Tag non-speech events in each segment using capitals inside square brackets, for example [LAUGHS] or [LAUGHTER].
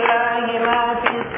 لله ما في السماوات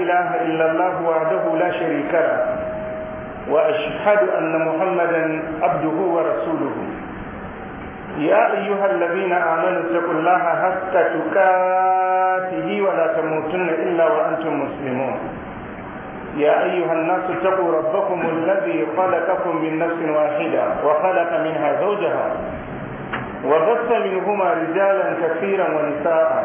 لا إله إلا الله وحده لا شريك له وأشهد أن محمدا عبده ورسوله يا أيها الذين آمنوا اتقوا الله حتى تكاته ولا تموتن إلا وأنتم مسلمون يا أيها الناس اتقوا ربكم الذي خلقكم من نفس واحدة وخلق منها زوجها وبث منهما رجالا كثيرا ونساء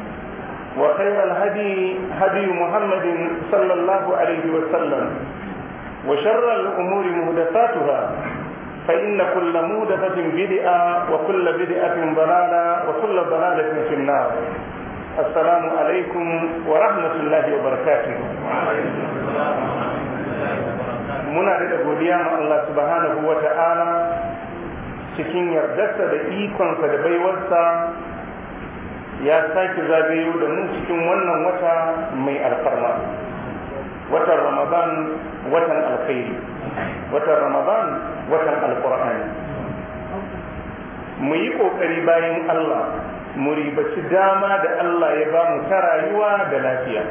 وخير الهدي هدي محمد صلى الله عليه وسلم وشر الأمور مهدفاتها فإن كل مهدفة بدئة وكل بدئة ضلالة وكل ضلالة في النار السلام عليكم ورحمة الله وبركاته muna da godiya ma Allah subhanahu wa ta'ala cikin yardarsa da ikonsa da baiwarsa ya sake zagayo da mu cikin wannan wata mai alfarma watan ramadan watan alkhairi watan ramadan watan alkur'ani mu yi kokari bayan allah mu ribaci dama da allah ya ba mu ta rayuwa da lafiya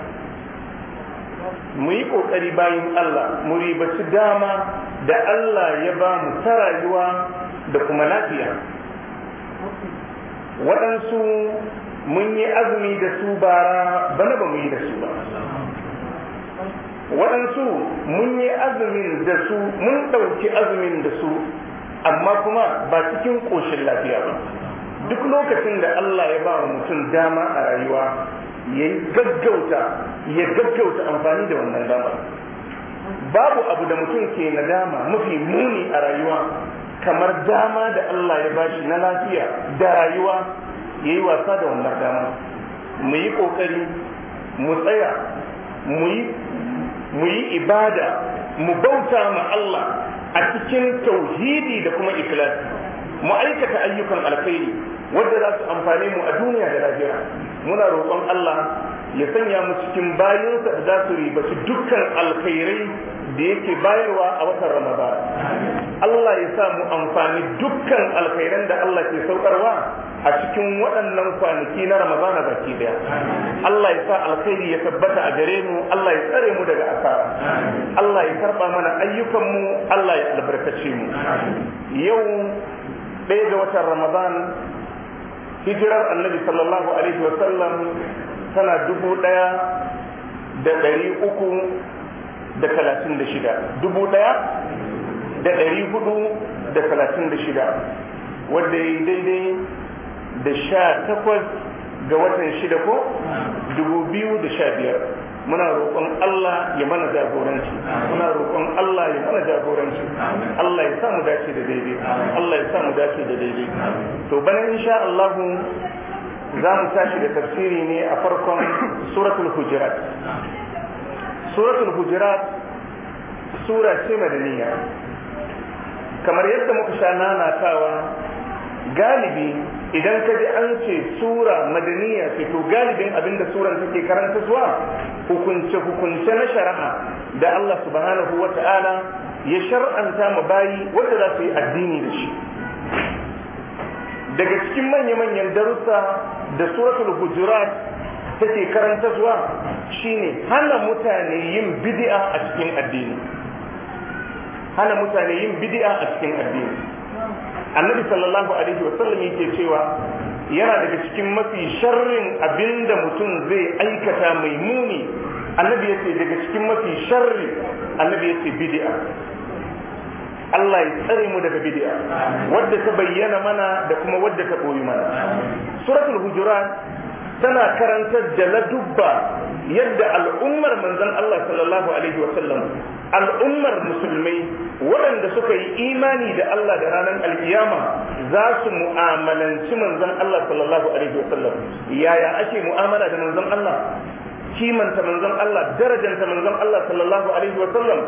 mu yi kokari bayan allah mu ribaci dama da allah ya ba mu ta rayuwa da kuma lafiya waɗansu mun yi azumi da su bara bana ba mu yi da su ba waɗansu mun yi azumin da su mun ɗauki azumin da su amma kuma ba cikin ƙoshin lafiya ba duk lokacin da Allah ya ba mutum dama a rayuwa ya gaggauta ya gaggauta amfani da wannan dama babu abu da mutum ke dama mafi muni a rayuwa kamar dama da Allah ya bashi na lafiya da rayuwa ya yi wasa da wannan dama mu yi ƙoƙari mu tsaya mu yi ibada mu bauta ma Allah a cikin tauhidi da kuma ikilasi mu aikata ayyukan alkhairi wadda za su amfane mu a duniya da lafiya, muna roƙon Allah ya sanya mu cikin bayansa da za su ribaci dukkan alkhairai da yake bayarwa a watan ramadan Allah ya sa mu amfani dukkan alkhairan da Allah ke saukarwa a cikin waɗannan kwanaki na ramadan baki daya Allah ya sa alkhairi ya tabbata a gare mu Allah ya tsare mu daga asara Allah ya karɓa mana ayyukan mu Allah ya albarkace mu yau ɗaya ga watan ramadan hijirar annabi sallallahu alaihi wa sallam tana dubu ɗaya da ɗari uku da talatin da shida dubu ɗaya da ɗari hudu da talatin da shida wadda ya yi daidai da sha takwas ga watan shida ko dubu biyu da sha biyar muna roƙon Allah ya mana jagoranci muna roƙon Allah ya mana jagoranci Allah ya samu dace da daidai Allah ya samu dace da daidai to bana insha Allah za mu tashi da tafsiri ne a farkon suratul hujurat suratul hujurat sura ce madaniya kamar yadda muka sha nanatawa galibi idan ka ji an ce sura madaniya ce to galibin abinda suran take karanta zuwa hukunce hukunce na shari'a da Allah subhanahu ta'ala ya shar'anta mu bayi wanda za su yi addini da shi daga cikin manya-manyan darussa da suratul hujurat take karanta zuwa shine hana mutane yin bid'a a cikin addini hana mutane yin bid'a a cikin addini annabi sallallahu alaihi wa sallam yake cewa yana daga cikin mafi sharrin abinda mutum zai aikata mai muni annabi yace daga cikin mafi sharri annabi yace bid'a Allah ya tsare mu daga bid'a wadda ta bayyana mana da kuma wadda ta koyi mana suratul hujurat tana karantar da ladubba yadda al'ummar manzon Allah sallallahu alaihi wa sallam, al'ummar musulmai waɗanda suka yi imani da Allah da ranar alkiyama za su mu'amalanci manzon Allah sallallahu alaihi wa sallam. yaya ake mu'amala da manzon Allah kimanta manzon Allah darajanta manzon Allah sallallahu alaihi wa sallam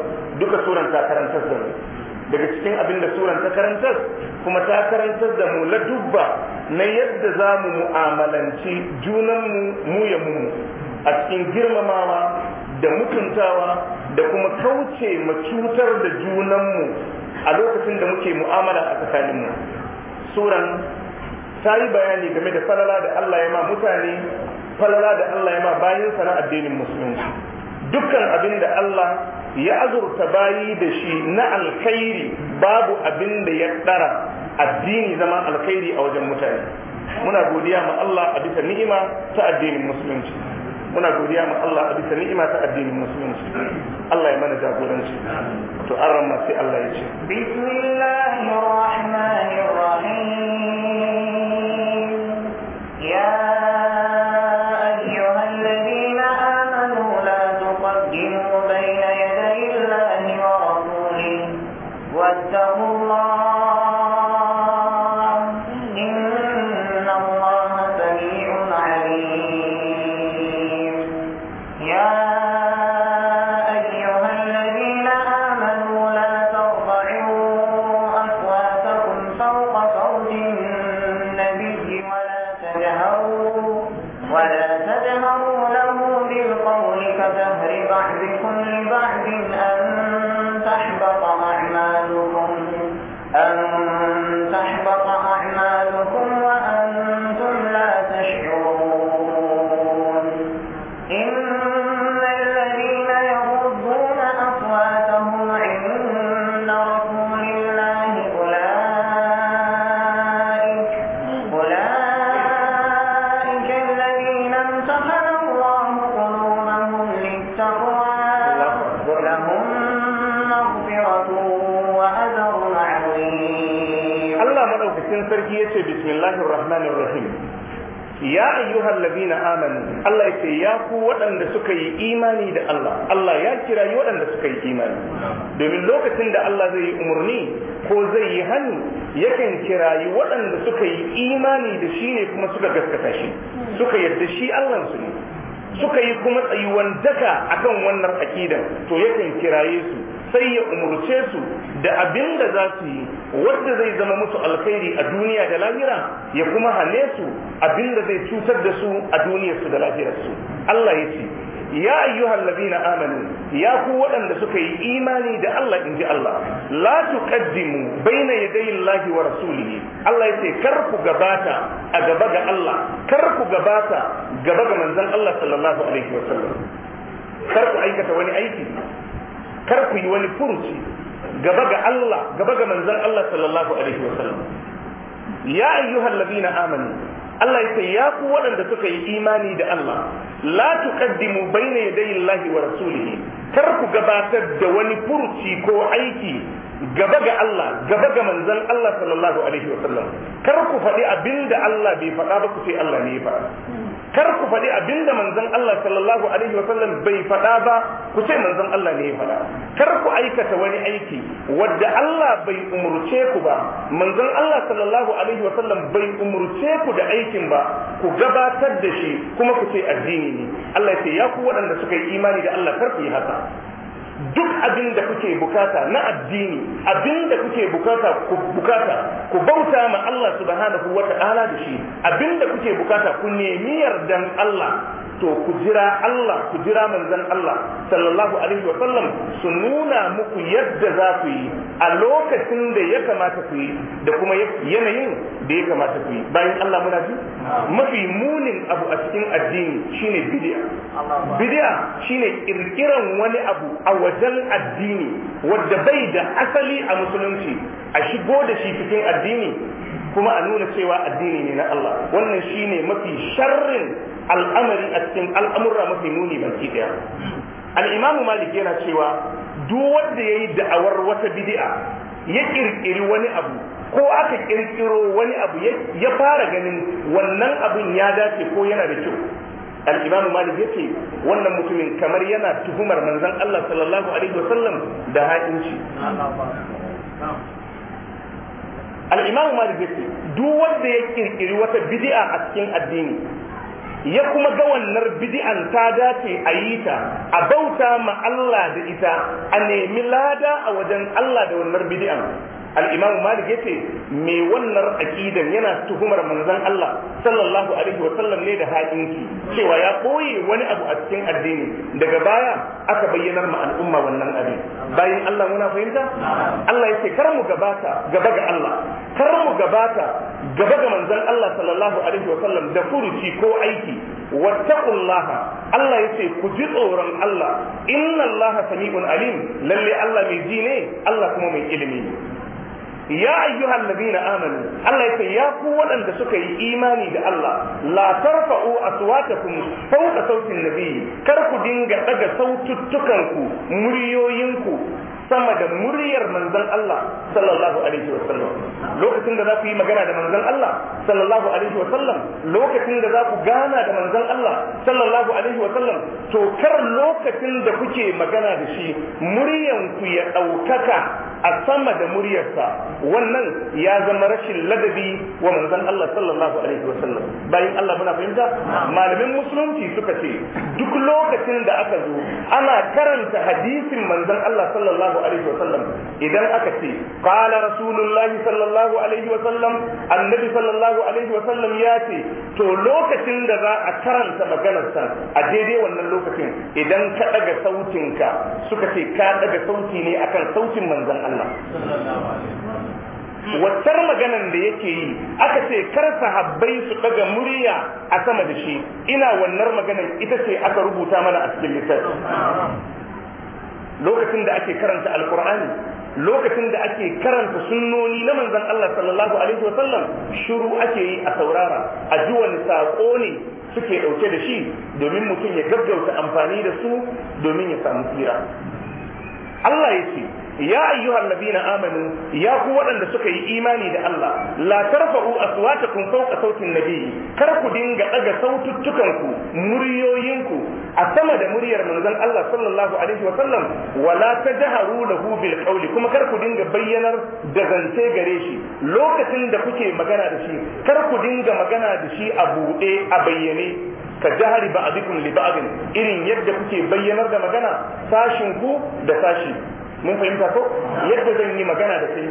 duka suran ta karantar da daga cikin abin da suran ta karantar kuma ta karantar da mu dubba na yadda za mu mu'amalanci junanmu mu ya mu a cikin girmamawa da mutuntawa da kuma kauce ma cutar da junanmu a lokacin da muke mu'amala a tsakaninmu suran ta yi bayani game da falala da Allah ya ma mutane falala da Allah ya ma bayan sana addinin musulunci dukkan abin da Allah ya azurta bayi da shi na alkhairi babu abin da ya ɗara addini zama alkhairi a wajen mutane muna godiya ma Allah a bisa ni'ima ta addinin musulunci muna godiya ma Allah a bisa ni'ima ta addinin musulunci Allah ya mana jagoranci to an sai Allah ya ce bismillahir rahmanir rahim sarki yace bismillahir rahmanir rahim ya ayyuhal ladina amanu Allah yace ya ku waɗanda suka yi imani da Allah Allah ya kira yi waɗanda suka yi imani domin lokacin da Allah zai yi umarni ko zai yi hannu yakan kira yi waɗanda suka yi imani da shi ne kuma suka gaskata shi suka yarda shi Allah su ne suka yi kuma tsayuwan daka akan wannan akidan to yakan kiraye su sai ya umurce su da abin da za su yi wanda zai zama musu alkhairi a duniya da lahira ya kuma hane su abin da zai cutar da su a duniyarsu da su. Allah ya ce ya ayyuhal ladina amanu ya ku waɗanda suka yi imani da Allah in ji Allah la tuqaddimu baina yadayi Allah wa rasulihi Allah ya ce kar ku gabata a gaba ga Allah kar ku gabata gaba ga manzon Allah sallallahu alaihi wasallam kar ku aikata wani aiki kar ku yi wani furuci gaba ga Allah gaba ga manzan Allah sallallahu alaihi wasallam ya ayyuhal ladina amanu Allah yace ya ku waɗanda suka yi imani da Allah la tuqaddimu bayna yadayi Allah wa rasulihi kar ku gabatar da wani furuci ko aiki gaba ga Allah gaba ga manzan Allah sallallahu alaihi wasallam kar ku faɗi abinda Allah bai faɗa ba ku sai Allah ne ya faɗa kar ku faɗi abinda manzon Allah sallallahu alaihi wa sallam bai faɗa ba ku ce manzon Allah ne ya faɗa kar ku aikata wani aiki wadda Allah bai umurce ku ba manzon Allah sallallahu alaihi wa sallam bai umurce ku da aikin ba ku gabatar da shi kuma ku ce addini ne Allah ya ce ya ku waɗanda suka yi imani da Allah kar ku yi haka duk abin da kuke bukata na addini abin da kuke bukata ku bukata ku bauta ma Allah subhanahu wa ta'ala da shi abin da kuke bukata ku nemi yardan Allah to ku jira Allah ku jira manzon Allah sallallahu alaihi wa sallam su nuna muku yadda za ku yi a lokacin da ya kamata ku yi da kuma yanayin da ya kamata ku yi bayan Allah muna ji mafi munin abu a cikin addini shine bid'a bid'a shine kirkiran wani abu a wajen addini wanda bai da asali a musulunci a shigo da shi cikin addini kuma a nuna cewa addini ne na Allah wannan shine mafi sharrin al'amari a cikin al'amurra mafi nuni baki daya al-imam malik yana cewa duk wanda yayi da'awar wata bid'a ya kirkiri wani abu ko aka kirkiro wani abu ya fara ganin wannan abin ya dace ko yana da kyau al-imamu malik wannan mutumin kamar yana tuhumar manzon Allah sallallahu alaihi wasallam da ha'inci al'imam malik ya ce duk wanda ya kirkiri wata bidi'a a cikin addini ya kuma ga wannan bidi'an ta dace a yi ta a bauta ma Allah da ita a nemi lada a wajen Allah da wannan bidi'an al Malik ya yace me wannan aƙidan yana tuhumar manzon Allah sallallahu alaihi wa sallam ne da haƙinki cewa ya ɓoye wani abu a cikin addini daga baya aka bayyanar ma al'umma wannan abin bayan Allah muna fahimta Allah ce kar mu gabata gaba ga Allah kar mu gabata gaba ga manzan Allah sallallahu alaihi wa sallam da furuci ko aiki wattaqullaha Allah yace ku ji tsoron Allah inna Allah sami'un alim lalle Allah mai ji ne Allah kuma mai ilimi ya ayyuhal na amanu Allah ya ce waɗanda suka yi imani da Allah la tarfa'u aswatakum fawqa sautin nabi kar ku dinga ɗaga saututtukanku muryoyinku sama da muryar manzon Allah sallallahu alaihi wa sallam lokacin da za ku yi magana da manzon Allah sallallahu alaihi wa sallam lokacin da za ku gana da manzon Allah sallallahu alaihi wa sallam to kar lokacin da kuke magana da shi muryan ku ya ɗaukaka a sama da muryarsa wannan ya zama rashin ladabi wa manzon Allah sallallahu alaihi wasallam bayan Allah muna fahimta malamin musulunci suka ce duk lokacin da aka zo ana karanta hadisin manzon Allah sallallahu alaihi wasallam idan aka ce qala rasulullahi sallallahu alaihi wasallam annabi sallallahu alaihi wasallam ya ce to lokacin da za a karanta maganarsa a daidai wannan lokacin idan ka daga sautinka suka ce ka daga sauti ne akan sautin manzon Allah Allah wattar maganan da yake yi aka ce kar sahabbai su daga murya a sama da shi ina wannan maganan ita ce aka rubuta mana a cikin littafi lokacin da ake karanta alkur'ani lokacin da ake karanta sunnoni na manzon Allah sallallahu alaihi wasallam shiru ake yi a saurara a ji wani sako ne suke dauke da shi domin mutum ya gaggauta amfani da su domin ya samu tsira Allah ya ce ya ayyuhan nabina amanu ya ku waɗanda suka yi imani da Allah la tarfa'u aswatakum fawqa sautin nabiyyi kar ku dinga daga saututtukan ku muryoyinku a sama da muryar manzon Allah sallallahu alaihi wa sallam wala tajharu lahu bil qawli kuma kar ku dinga bayyanar da zance gare shi lokacin da kuke magana da shi kar ku dinga magana da shi a bude, a bayyane ka jahari ba'dikum li ba'din irin yadda kuke bayyanar da magana sashin ku da sashi mun fahimta ko yadda zan yi magana da kai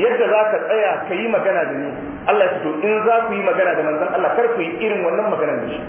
yadda za ka tsaya ka yi magana da ni Allah ya to in za ku yi magana da manzon Allah kar ku yi irin wannan magana da shi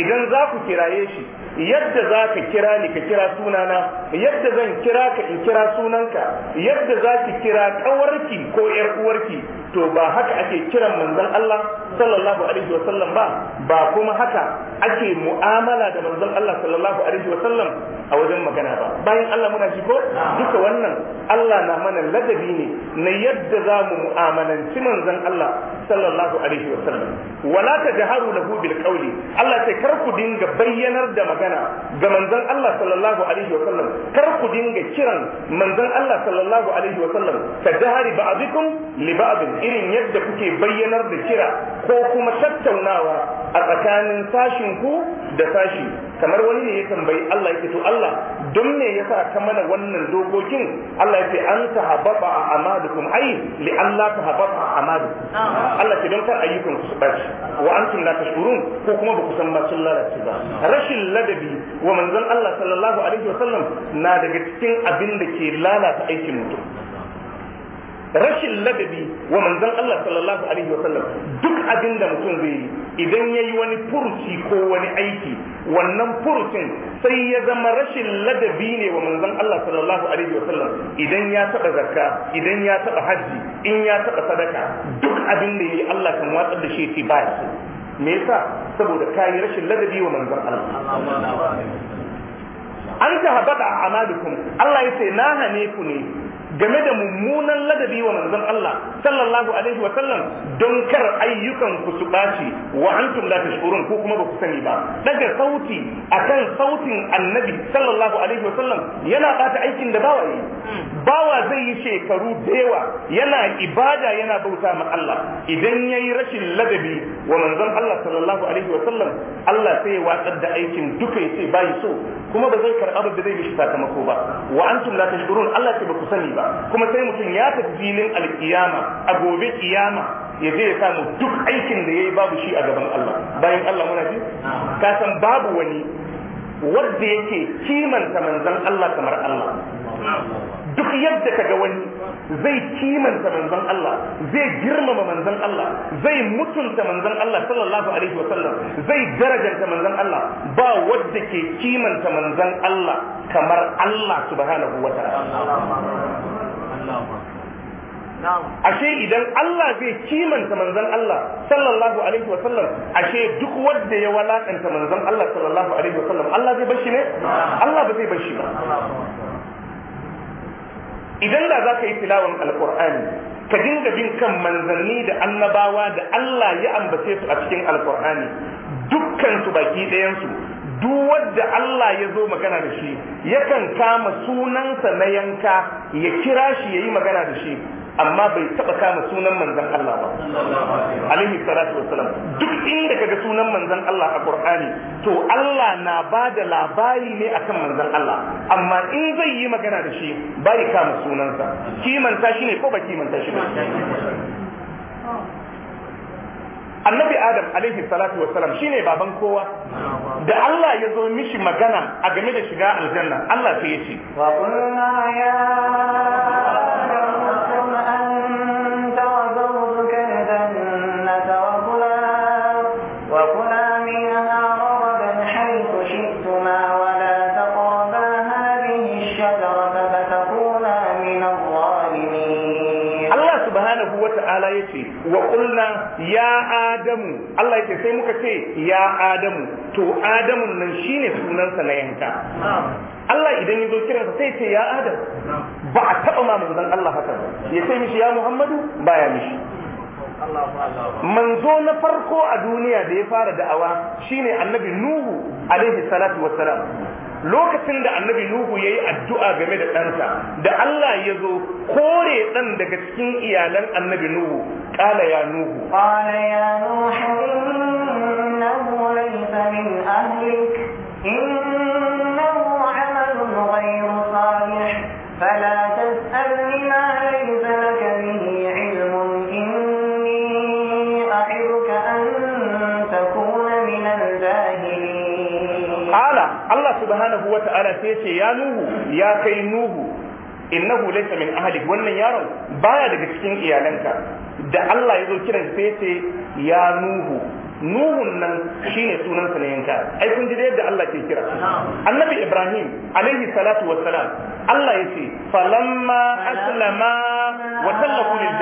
idan za ku kiraye shi yadda za ka kira ni ka kira sunana yadda zan kira ka in kira sunanka yadda za ki kira ƙawarki ko ƴar uwarki to ba haka ake kiran manzon Allah sallallahu alaihi wa sallam ba ba kuma haka ake mu'amala da manzon Allah sallallahu alaihi wa sallam a wajen magana ba bayan Allah muna shi ko duka wannan Allah na mana ladabi ne na yadda za mu mu'amalanci manzon Allah sallallahu alaihi wa sallam wala tajharu lahu bil qawli Allah sai kar ku dinga bayyanar da magana ga manzon Allah sallallahu alaihi wa sallam kar ku dinga kiran manzon Allah sallallahu alaihi wa sallam ka jahari ba'dikum li ba'd irin yadda kuke bayyanar da kira ko kuma tattaunawa a tsakanin sashin ku da sashi kamar wani ne ya tambayi Allah yake to Allah don me yasa ka mana wannan dokokin Allah yake an tahabbaba amadukum ai li Allah a amadu Allah ke don kar ayyukan ku su bace wa antum la tashkurun ko kuma ba ku san ba sun lalace ba rashin ladabi wa manzon Allah sallallahu alaihi wasallam na daga cikin abin da ke lalata aikin mutum rashin ladabi wa manzon Allah sallallahu alaihi wasallam duk abin da mutum zai yi idan ya yi wani furuci ko wani aiki wannan furucin sai ya zama rashin ladabi ne wa manzon Allah sallallahu alaihi wasallam idan ya taɓa zakka idan ya taɓa hajji in ya taɓa sadaka duk abin da ya yi Allah kan watsar da shi ba shi me yasa saboda kai rashin ladabi wa manzon Allah an ta habata a amalukum Allah ya ce na hane ku ne game da mummunan ladabi wa manzon Allah sallallahu alaihi wa sallam don kar ayyukan ku su baci wa antum la tashkurun ko kuma ba ku sani ba daga sauti akan sautin annabi sallallahu alaihi wa sallam yana bata aikin da bawaye bawa zai yi shekaru da yawa yana ibada yana bauta ma Allah idan yayi rashin ladabi wa manzon Allah sallallahu alaihi wa sallam Allah sai ya watsar da aikin duka yace bai so kuma ba zai karɓa ba zai mishi sakamako ba wa antum la tashkurun Allah sai ba ku sani ba kuma sai mutum ya tafi filin alkiyama a gobe kiyama ya je ya samu duk aikin da yayi babu shi a gaban Allah bayan Allah muna ji ka san babu wani wanda yake kimanta manzon Allah kamar Allah duk yadda kaga wani zai kimanta manzon Allah zai girmama manzon Allah zai mutunta manzon Allah sallallahu alaihi wa sallam zai darajanta manzon Allah ba wadda ke kimanta manzon Allah kamar Allah subhanahu wa ta'ala ashe idan Allah zai kimanta manzon Allah sallallahu alaihi wa sallam, ashe duk wanda ya walakanta manzon Allah sallallahu alaihi wa sallam, Allah zai bar shi ne Allah ba zai bar shi ba idan da za ka yi tilawan alkur'ani ka dinga bin kan manzanni da annabawa da Allah ya ambace su a cikin alkur'ani dukkan su baki ɗayansu duk wanda Allah ya zo magana da shi yakan kama sunansa na yanka ya kira shi ya yi magana da shi amma bai taɓa kama sunan manzan Allah ba alaihi salatu wassalam duk inda kaga sunan manzon Allah a Qur'ani to Allah na bada labari ne akan manzan Allah amma in bai yi magana da shi bai kama sunansa kimanta shi ne ko ba kimanta shi ba annabi adam alaihi salatu wassalam shine baban kowa da Allah ya zo mishi magana a game da shiga aljanna Allah sai ya ce adamu Allah yake sai muka ce ya adamu to Adamu nan shine sunansa na yanka Allah idan ya zo kiransa sai ce ya adam ba a taba ma manzon Allah haka ya sai mishi ya Muhammadu ba ya mishi manzo na farko a duniya da ya fara da'awa shine annabi Nuhu alaihi salatu wassalam lokacin da annabi nuhu ya yi addu'a game da ɗansa da Allah ya zo kore ɗan daga cikin iyalan annabi nuhu ƙala ya nuhu ƙala ya nuhu min ta'ala sai ce ya nuhu ya kai nuhu innahu laysa min ahlik wannan yaron baya daga cikin iyalanka da Allah ya zo kiran sai ce ya nuhu nuhun nan shine sunansa na yanka ai kun ji da yadda Allah ke kira annabi ibrahim alaihi salatu wassalam Allah ya ce falamma aslama wa sallahu lil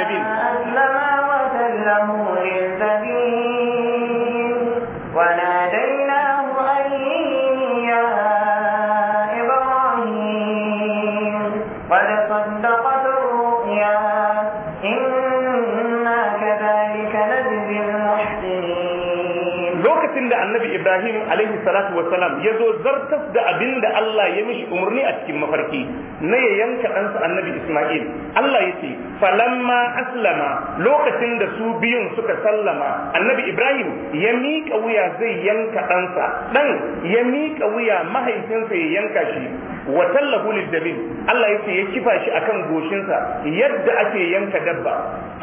annabi ibrahim alaihi salatu wassalam ya zo zartas da abin da allah ya mishi umarni a cikin mafarki na ya yanka ɗansa annabi isma'il allah ya ce falamma aslama lokacin da su biyun suka sallama annabi ibrahim ya miƙa wuya zai yanka ɗansa ɗan ya miƙa wuya mahaifinsa ya yanka shi wa tallahu lidabin Allah yace ya kifa shi akan goshinsa yadda ake yanka dabba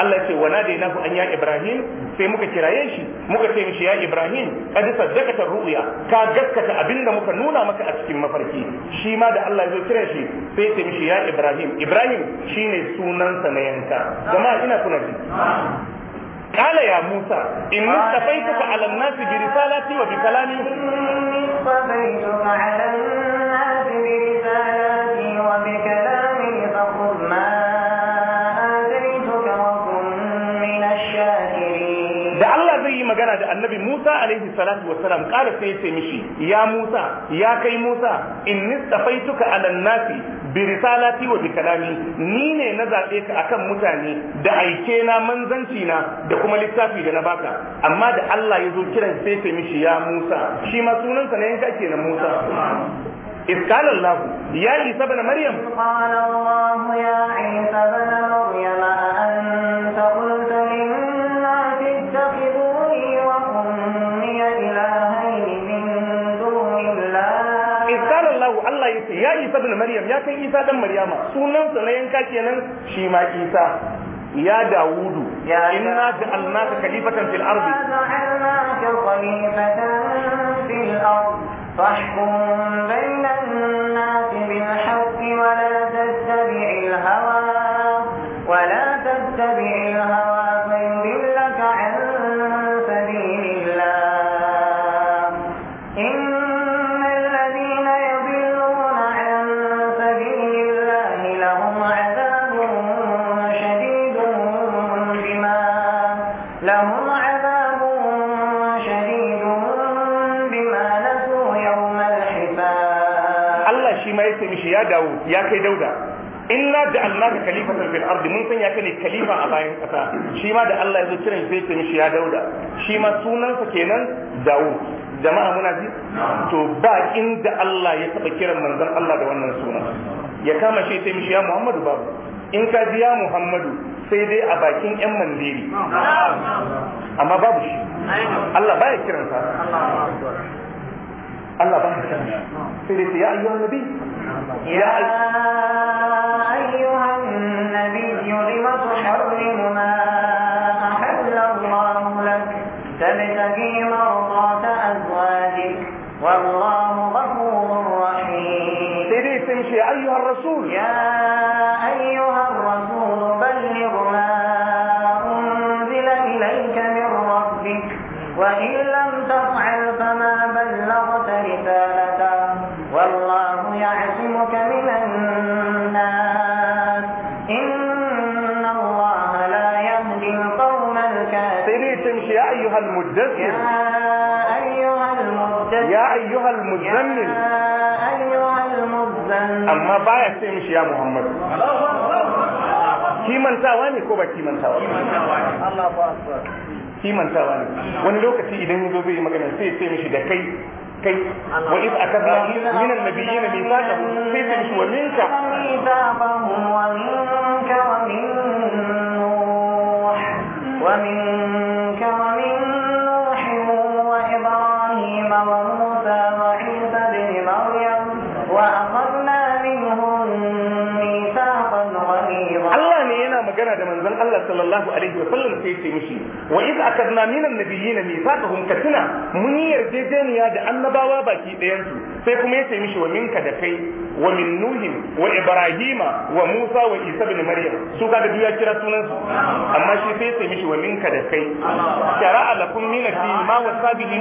Allah yace wa nadainahu an ya Ibrahim sai muka kiraye shi muka ce mishi ya Ibrahim kad saddaqata ru'ya ka gaskata abinda muka nuna maka a cikin mafarki shi ma da Allah ya kira shi sai ce mishi ya Ibrahim Ibrahim shine sunansa na yanka jama'a ina kuna ji قال يا موسى إن اصطفيتك على الناس برسالتي وبكلامي اصطفيتك على الناس annabi Musa alaihi salatu wassalam kala sai ya ce mishi ya Musa ya kai Musa inni safaituka ala nasi bi risalati wa bi kalami ni ne na zabe ka akan mutane da aike na manzanci na da kuma littafi da na baka amma da Allah ya zo kiran sai ya mishi ya Musa shi ma sunansa ne yanka kenan Musa إذ قال الله يا عيسى بن مريم قال الله يا عيسى بن مريم أأنت ya isa bin maryam ya kai isa dan maryama sunansa na yanka kenan shi ma isa يا داوود إنا جعلناك خليفة في الأرض جعلناك خليفة في kai dauda inna ja'alnaka khalifatan fil ardi mun sanya ka ne khalifa a bayan kasa shi ma da Allah ya zo kiran sai ce mishi ya dauda shi ma sunansa kenan dawo jama'a muna ji to ba inda Allah ya taba kiran manzon Allah da wannan sunan ya kama shi sai mishi ya Muhammadu babu in ka ji ya Muhammadu sai dai a bakin yan mandiri amma babu shi Allah baya kiransa Allah baya kiransa sai dai ya ayyuhan nabi يا أيها النبي لم تحرم ما أحل الله لك تبتغي مرضات أزواجك والله غفور رحيم. يا أيها الرسول يا ايها المدثر يا ايها المدثر يا ايها المزمل يا ايها المزمل اما باي سي مش يا محمد كي من ثواني كو باكي من ثواني الله اكبر كي من ثواني وني لوكتي اذا يجو بي مغنى سي سي مش ده كي كي واذ اخذنا من النبيين ميثاقهم سي سي مش ومنك ميثاقهم ومنك ومن نوح ومن sallallahu alaihi wa sallam sai ce mishi wa iz akadna min annabiyina mithaqahum katina mun yi yarjejeniya da annabawa baki ɗayan su sai kuma ya ce mishi wa minka da kai wa min Nuhi, wa ibrahima wa musa wa isa ibn maryam su ga da ya kira sunan su amma shi sai ya ce mishi wa minka da kai shara'a lakum min ad ma wasa bihi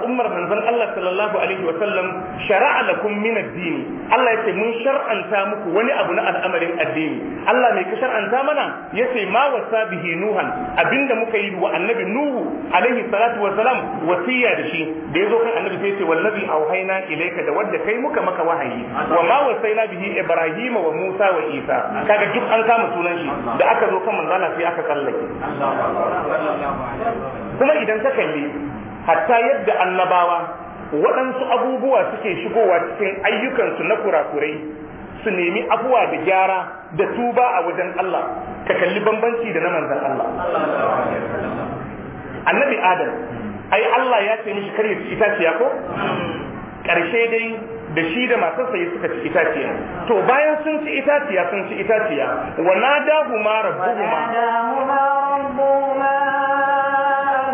al'ummar manzon Allah sallallahu alaihi wa sallam shara'a lakum min ad-din Allah yace mun shar'anta muku wani abu na al'amarin addini Allah mai ka shar'anta mana yace ma wasa bihi nuhan abinda muka yi wa annabi nuhu alaihi salatu wa salam wasiya da shi da yazo kan annabi sai yace wallazi auhayna ilayka da wanda kai muka maka wahayi wa ma wasaina bihi ibrahima wa musa wa isa kaga duk an kama sunan shi da aka zo kan manzala sai aka tsallake kuma idan ka kalli hatta yadda annabawa waɗansu abubuwa suke shigowa cikin ayyukansu na kurakurai su nemi abuwa da gyara da tuba a wajen Allah ka kalli bambanci da na manzan Allah annabi adam ai Allah ya ce mishi itaciya ko ƙarshe dai da shi da masu sayi suka ci itaciya to bayan sun ci itaciya sun ci itaciya wa na dahu ma rabbuhuma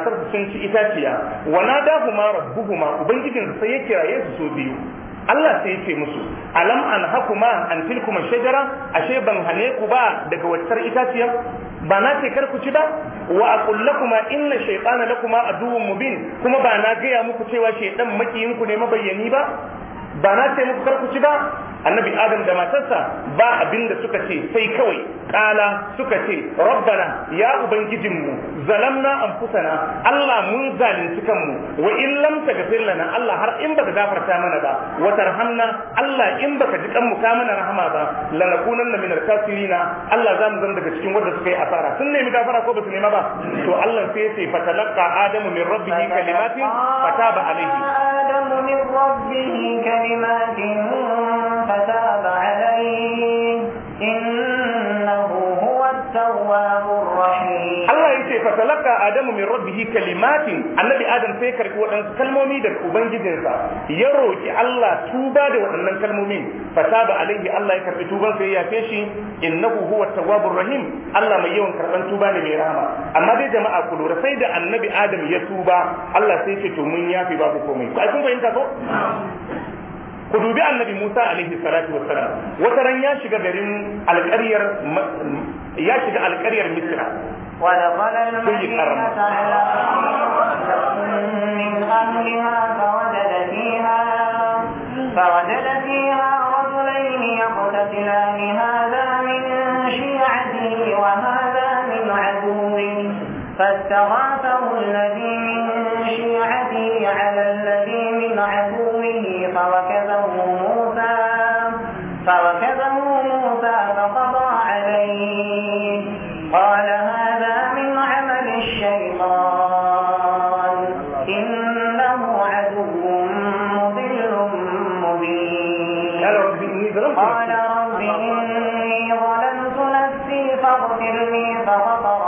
matar su sun ci itaciya wa nadahuma rabbuhuma ubangijin sai ya kiraye su so biyu Allah sai ce musu alam an hakuma an tilkuma shajara ashe ban hane ku ba daga waccar itaciyar ba na ce kar ku ci ba wa aqul lakuma inna shaytana lakuma aduwwun mubin kuma ba na gaya muku cewa shaytan makiyin ku ne mabayyani ba ba na ce muku karku ci ba annabi adam da matarsa ba abin da suka ce sai kawai kala suka ce rabbana ya ubangijinmu zalamna anfusana Allah mun zalunci kanmu wa in lam tagfir lana Allah har in baka gafarta mana ba wa tarhamna Allah in baka ji kanmu ka mana rahama ba lanakunanna min al na. Allah zamu zama daga cikin wanda suka yi asara sun nemi gafara ko ba su nema ba to Allah sai ya ce fatalaqa adamu min rabbihi kalimatin fataba alayhi آدم من ربه كلمات فتاب عليه إن fatalaka adamu min rabbihi kalimatin annabi adam sai karbi waɗansu kalmomi daga ubangijinsa ya roki Allah tuba da waɗannan kalmomin fataba alaihi Allah ya karbi tuban sai ya feshi innahu huwa tawwabur rahim Allah mai yawan karban tuba ne mai rahama amma dai jama'a ku lura sai da annabi adam ya tuba Allah sai ce to mun yafi babu komai ai kun fahimta ko ku dubi annabi Musa alaihi salatu wassalam wata ran ya shiga garin alƙaryar ya shiga alƙaryar Misra ولقد المدينة من أهلها فوجد فيها فوجد فيها رجلين يقتتلان هذا من شيعته وهذا من عدوه فاستغاثه الذي من شيعته على الذي من عدوه فركبه موسى فركزه موسى فقضى عليه قال کرامات آپ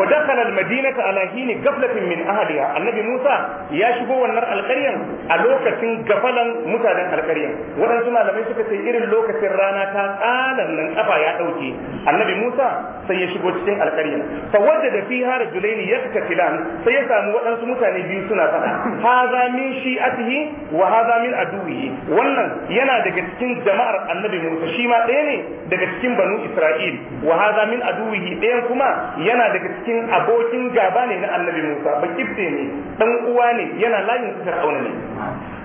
wa dakhala al-madinata ala hini gaflatin min ahliha annabi Musa ya shigo wannan alƙaryan a lokacin gafalan mutanen alƙaryan waɗansu malamai suka ce irin lokacin rana ta tsalan nan kafa ya ɗauke, annabi Musa sai ya shigo cikin alƙaryan fa wajada fiha rajulaini yaktatilan sai ya samu waɗansu mutane biyu suna faɗa hadha min shi'atihi wa hadha min aduwihi wannan yana daga cikin jama'ar annabi Musa shi ma ɗaya ne daga cikin banu Isra'il wa hadha min aduwihi ɗayan kuma yana daga cikin abokin gaba ne na annabi Musa ba kifte ne dan uwa ne yana layin su Fir'auna ne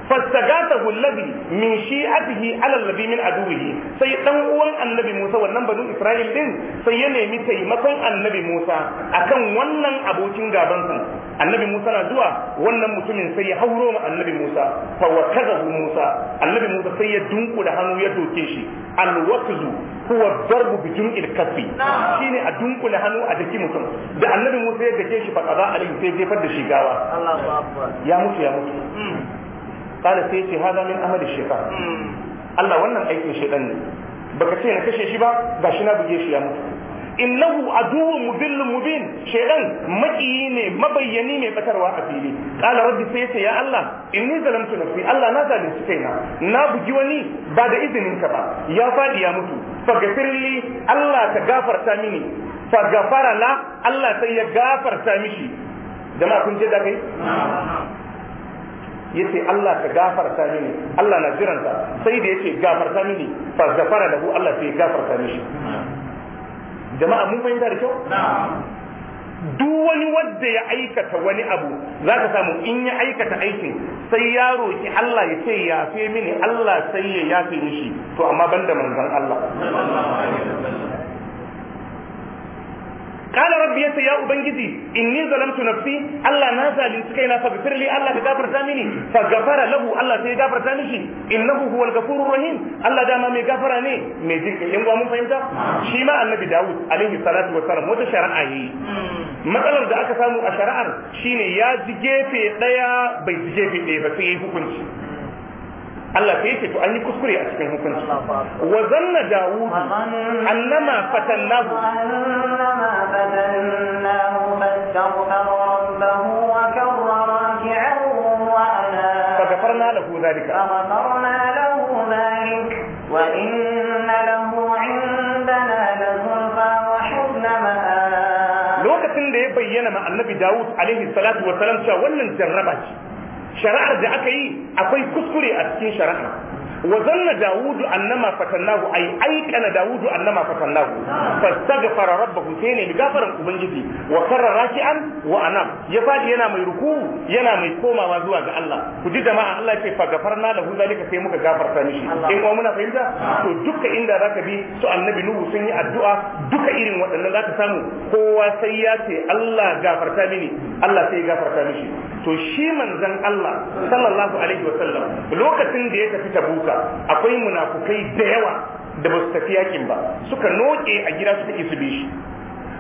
fastagatahu alladhi min shi shi'atihi ala alladhi min aduwihi sai dan uwan annabi Musa wannan banu Isra'il din sai ya nemi taimakon annabi Musa akan wannan abokin gaban sa annabi Musa na zuwa wannan mutumin sai ya hauro ma annabi Musa fa wakazahu Musa annabi Musa sai ya dunku da hannu ya doke shi alwakzu huwa darbu bi jum'il kaffi shine a dunku da hannu a daki mutum da annabi Musa ya dake shi fa qaza alayhi sai jefar da shi gawa ya mutu ya mutu hmm. kala sai ce hada min amali shaitan Allah wannan aikin shaitan ne baka ce na kashe shi ba gashi na buge shi ya mutu innahu aduwwun mudillun mubin shaitan makiyi ne mabayyani mai batarwa a fili kala rabbi sai ce ya Allah inni zalamtu nafsi Allah na zalunci kaina na bugi wani ba da izinin ka ba ya fadi ya mutu fagafirli Allah ka gafarta mini fagafara na Allah sai ya gafarta mishi jama'a kun je da kai ce Allah ka gafarta mini Allah na jiranta sai da yace gafarta mini fa gafara lahu Allah sai gafarta mishi jama'a mun fahimta da kyau duk wani wanda ya aikata wani abu za ka samu in ya aikata aikin sai ya roki Allah ya ce yafe mini Allah sai ya yafe mishi to amma banda manzon Allah qala rabbi yasa ya ubangiji inni zalamtu nafsi Allah na zalunci kaina fa bifirli Allah ka gafarta mini fa gafara lahu Allah sai gafarta mishi innahu huwal ghafurur rahim Allah ma mai gafara ne mai jinka in mun fahimta shi ma annabi Dawud alaihi salatu wassalam wata shari'a yi hmm. matsalar da aka samu a shari'ar shine ya ji gefe daya bai ji gefe daya ba sai yi hukunci Allah sai yake to an yi kuskure a cikin hukunci wa zanna dawud annama fatallahu annama fatallahu fastaghfara rabbahu wa karra raki'an wa ana faghfarna lahu dhalika faghfarna lahu dhalik wa inna lahu indana lazulfa wa husna ma'a lokacin da ya bayyana ma annabi dawud alaihi salatu wa salam cewa wannan jarraba ce shari'ar da aka yi akwai kuskure a cikin shari'a wa zanna dawudu annama fatannahu ay aikana dawudu annama fatannahu fastaghfara rabbahu sai ne gafaran ubangiji wa karra raki'an wa anam ya faɗi yana mai ruku yana mai komawa zuwa ga Allah ku ji jama'a Allah ce fa gafarna lahu zalika sai muka gafarta mishi in kuma muna fahimta to duka inda zaka bi su annabi nuhu sun yi addu'a duka irin waɗannan zaka samu kowa sai ya ce Allah gafarta mini Allah sai ya gafarta mishi to shi manzon Allah sallallahu alaihi wasallam lokacin da ya tafi ta tabuka akwai munafukai da yawa da ba su tafi yakin ba suka noke a gida suka ki su bi shi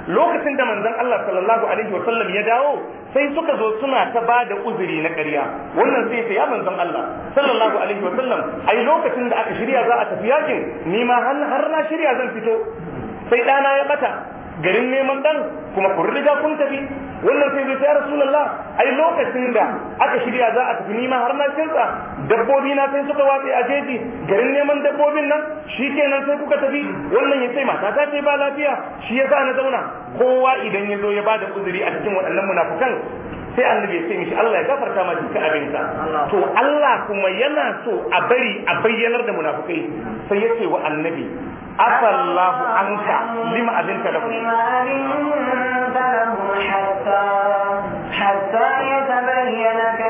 lokacin da manzon Allah sallallahu alaihi wa sallam ya dawo sai suka zo suna ta ba da uzuri na ƙarya wannan sai ya manzon Allah sallallahu alaihi wa sallam ai lokacin da aka shirya za a tafi yakin ni ma har na shirya zan fito sai ɗana ya bata garin neman dan kuma kun riga kun tafi wannan sai zai ya rasulullah ai lokacin da aka shirya za a tafi nima har na kinsa dabbobi na sai suka wace a jeji garin neman dabbobin nan shi kenan sai kuka tafi wannan ya sai mata ta ce ba lafiya shi ya sa na zauna kowa idan ya zo ya bada uzuri a cikin waɗannan munafukan sai annabi sai mishi Allah ya gafarta ma duka abinsa to Allah kuma yana so a bari a bayyanar da munafikai sai ya ce wa annabi afallahu anka lima azinta lahu حتى يتبين لك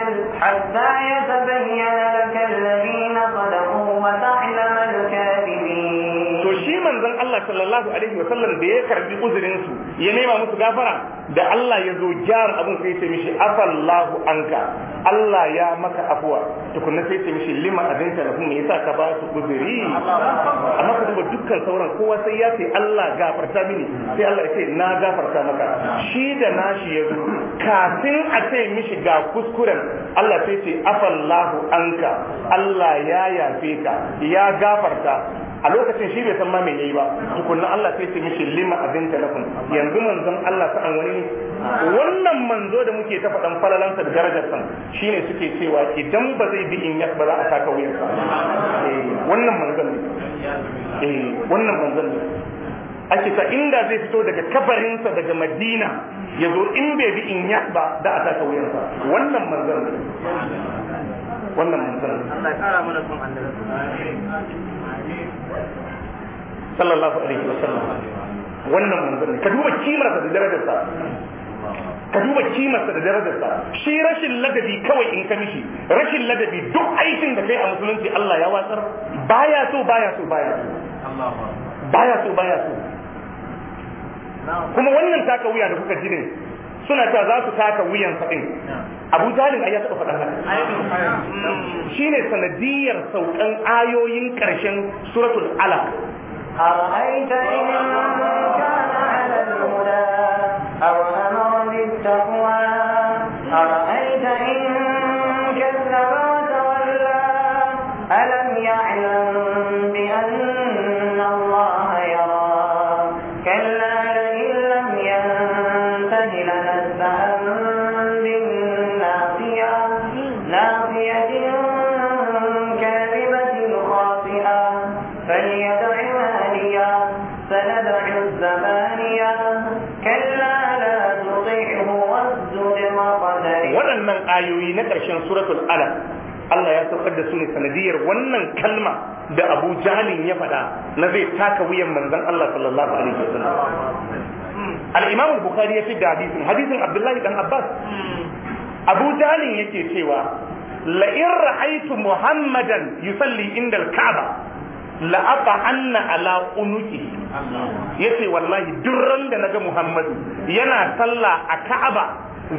حتى يتبين لك ladina صدقوا wa الكاذبين manzon Allah sallallahu alaihi wa da ya karbi uzurin su ya nema musu gafara da Allah ya zo jar abun sai ce mishi afallahu anka Allah ya maka afuwa tukunna sai ce mishi lima adinta da kuma yasa ka ba su uzuri amma ka duba dukkan sauran kowa sai ya ce Allah gafarta mini sai Allah ya ce na gafarta maka shi da nashi ya zo kafin a ce mishi ga kuskuren Allah sai ce afallahu anka Allah ya yafe ka ya gafarta a lokacin shi bai san ma mai yayi ba tukunna Allah sai ce mishi lima abinta lakum yanzu manzon Allah sa'an wani wannan manzo da muke ta faɗan falalansa da darajar san shine suke cewa idan ba zai bi in ba za a taka wuyar sa eh, wannan manzon ne eh wannan manzon ne ake ta inda zai fito daga kabarinsa daga madina ya zo in bai bi in ba da a taka wuyarsa wannan manzon ne wannan manzon Allah ya kara mana son annabi sallallahu alaihi wasallam wannan manzon ka duba kimar da darajar sa ka duba kimar da darajar sa shi rashin ladabi kawai in ka mishi rashin ladabi duk aikin da kai a musulunci Allah ya watsar baya so baya so baya so baya so baya so kuma wannan taka wuya da kuka ji ne suna ta za su taka wuyan faɗin abu jalin ai ya taɓa faɗa haka shine sanadiyar saukan ayoyin ƙarshen suratul alaq أرأيت إن كان على الهدى أو أمر بالتقوى suratul alam Allah ya saukar da su ne sanadiyar wannan kalma da Abu Jahalin ya faɗa na zai taka wuyan manzon Allah sallallahu alaihi wasallam al-Imam bukhari ya fi da hadisin hadisin Abdullahi dan Abbas Abu Jahalin yake cewa la in ra'aytu Muhammadan yusalli inda al-Ka'ba la'afa anna ala unuki yace wallahi durran da naga Muhammadu yana sallah a Ka'aba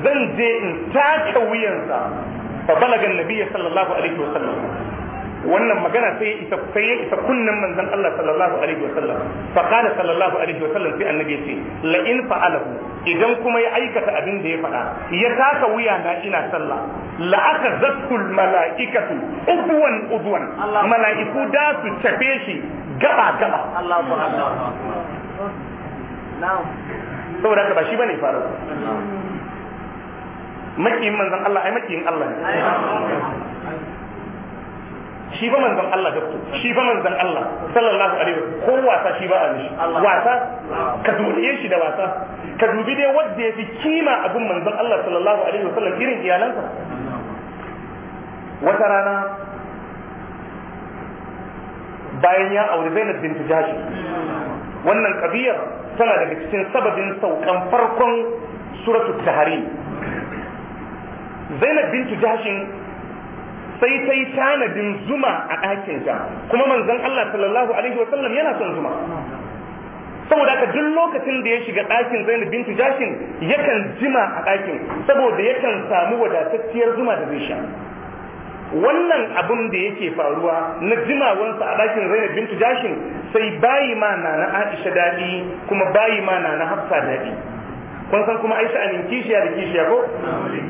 zan je in taka wuyansa fa balaga nabiyyi sallallahu alaihi wasallam wannan magana sai isa sai ya isa kunnan manzon Allah sallallahu alaihi wasallam fa qala sallallahu alaihi wasallam sai annabi ya ce la in fa'alahu idan kuma ya aikata abin da ya faɗa ya taka wuya na ina sallah la akhazatul malaikatu udwan udwan malaiku da su tafe shi gaba gaba Allahu akbar saboda haka ba shi bane faru makiyin manzon Allah ai makiyin Allah ne shi fa manzon Allah dokto shi fa manzon Allah sallallahu alaihi wasallam ko wasa shi ba a mishi wasa ka dubiye shi da wasa ka dubi dai wanda yafi kima abin manzon Allah sallallahu alaihi wasallam irin iyalansa wata rana bayan ya auri Zainab bint Jashi wannan kabiyar tana daga cikin sababin saukan farkon suratul tahrim zainab bintu jashin sai ta tanadin zuma a ɗakinta kuma manzon Allah sallallahu alaihi sallam yana son zuma saboda haka duk lokacin da ya shiga ɗakin zainab bintu jashin yakan jima a ɗakin saboda yakan samu wadatacciyar zuma da zai sha wannan abun da yake faruwa na jimawansa a ɗakin zainab bintu jashin sai bayi ma na aisha daɗi kuma bayi ma na na hafsa daɗi kun san kuma ai sha'anin kishiya da kishiya ko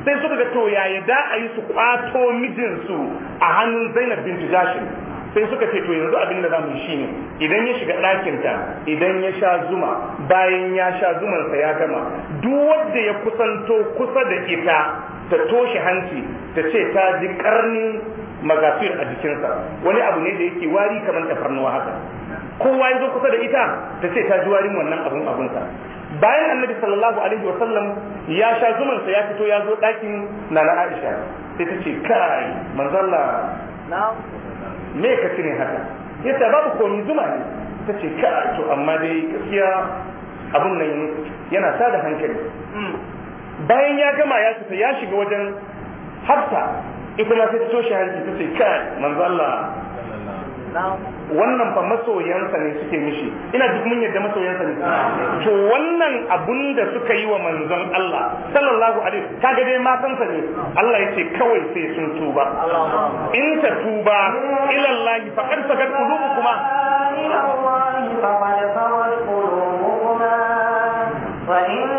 sai suka ga to yi da a yi su kwato mijinsu a hannun zainab bin jashin sai suka ce to yanzu abin da zamu shi ne idan ya shiga ɗakinta idan ya sha zuma bayan ya sha sa ya gama duk wanda ya kusanto kusa da ita ta toshe hanci ta ce ta ji karnin magafir a jikinsa wani abu ne da yake wari kamar tafarnuwa haka kowa ya zo kusa da ita ta ce ta ji warin wannan abun abunsa bayan annabi sallallahu alaihi wasallam ya sha zuman sa ya fito ya zo ɗakin nana Aisha sai ta ce kai manzalla me ka cire haka yace babu komai zuma ne ta ce kai to amma dai gaskiya abun nan yana sada hankali bayan ya gama ya fita ya shiga wajen Hafsa ita ma sai ta toshe hanci ta ce kai manzalla wannan fa masoyansa ne suke mishi ina duk mun yadda masoyansa ne to wannan abun da suka yi wa manzon Allah sallallahu alaihi kaga dai sa ne Allah yace kawai sai sun tuba in ta tuba ila Allah fa qad sakat qulubukuma ila Allah fa qad sakat qulubukuma fa in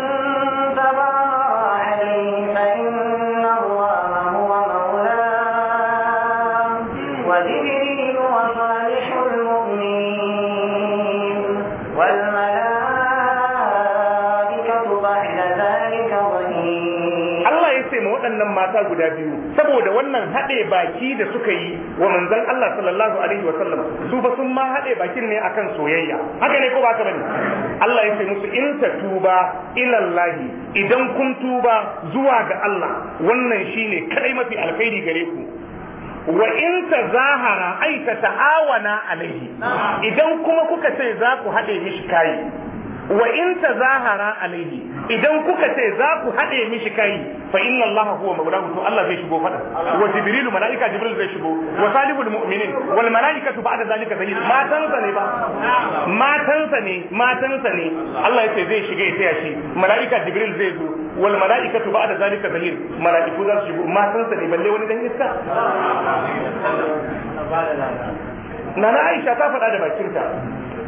matasa guda biyu saboda wannan haɗe baki da suka yi wa manzon Allah sallallahu alaihi wa sallam su ba sun ma haɗe bakin ne akan soyayya haka ne ko ba ka bane Allah ya ce musu in ta tuba Allah idan kun tuba zuwa ga Allah wannan shine kadai mafi alkhairi gare ku wa in ta zahara ai ta ta'awana alaihi idan kuma kuka ce za ku haɗe mishi kayi wa in zahara alaihi idan kuka ce za ku hade mishi kai fa inna allaha huwa mawlahu to Allah zai shigo fada wa jibrilu malaika jibril zai shigo wa salihul mu'minin wal malaikatu ba'da zalika zahid matansa ne ba matansa ne matansa ne Allah ya ce zai shiga ya taya shi malaika jibril zai zo wal malaikatu ba'da zalika zahid malaiku za su shigo matansa ne balle wani dan iska Nana Aisha ta faɗa da bakinta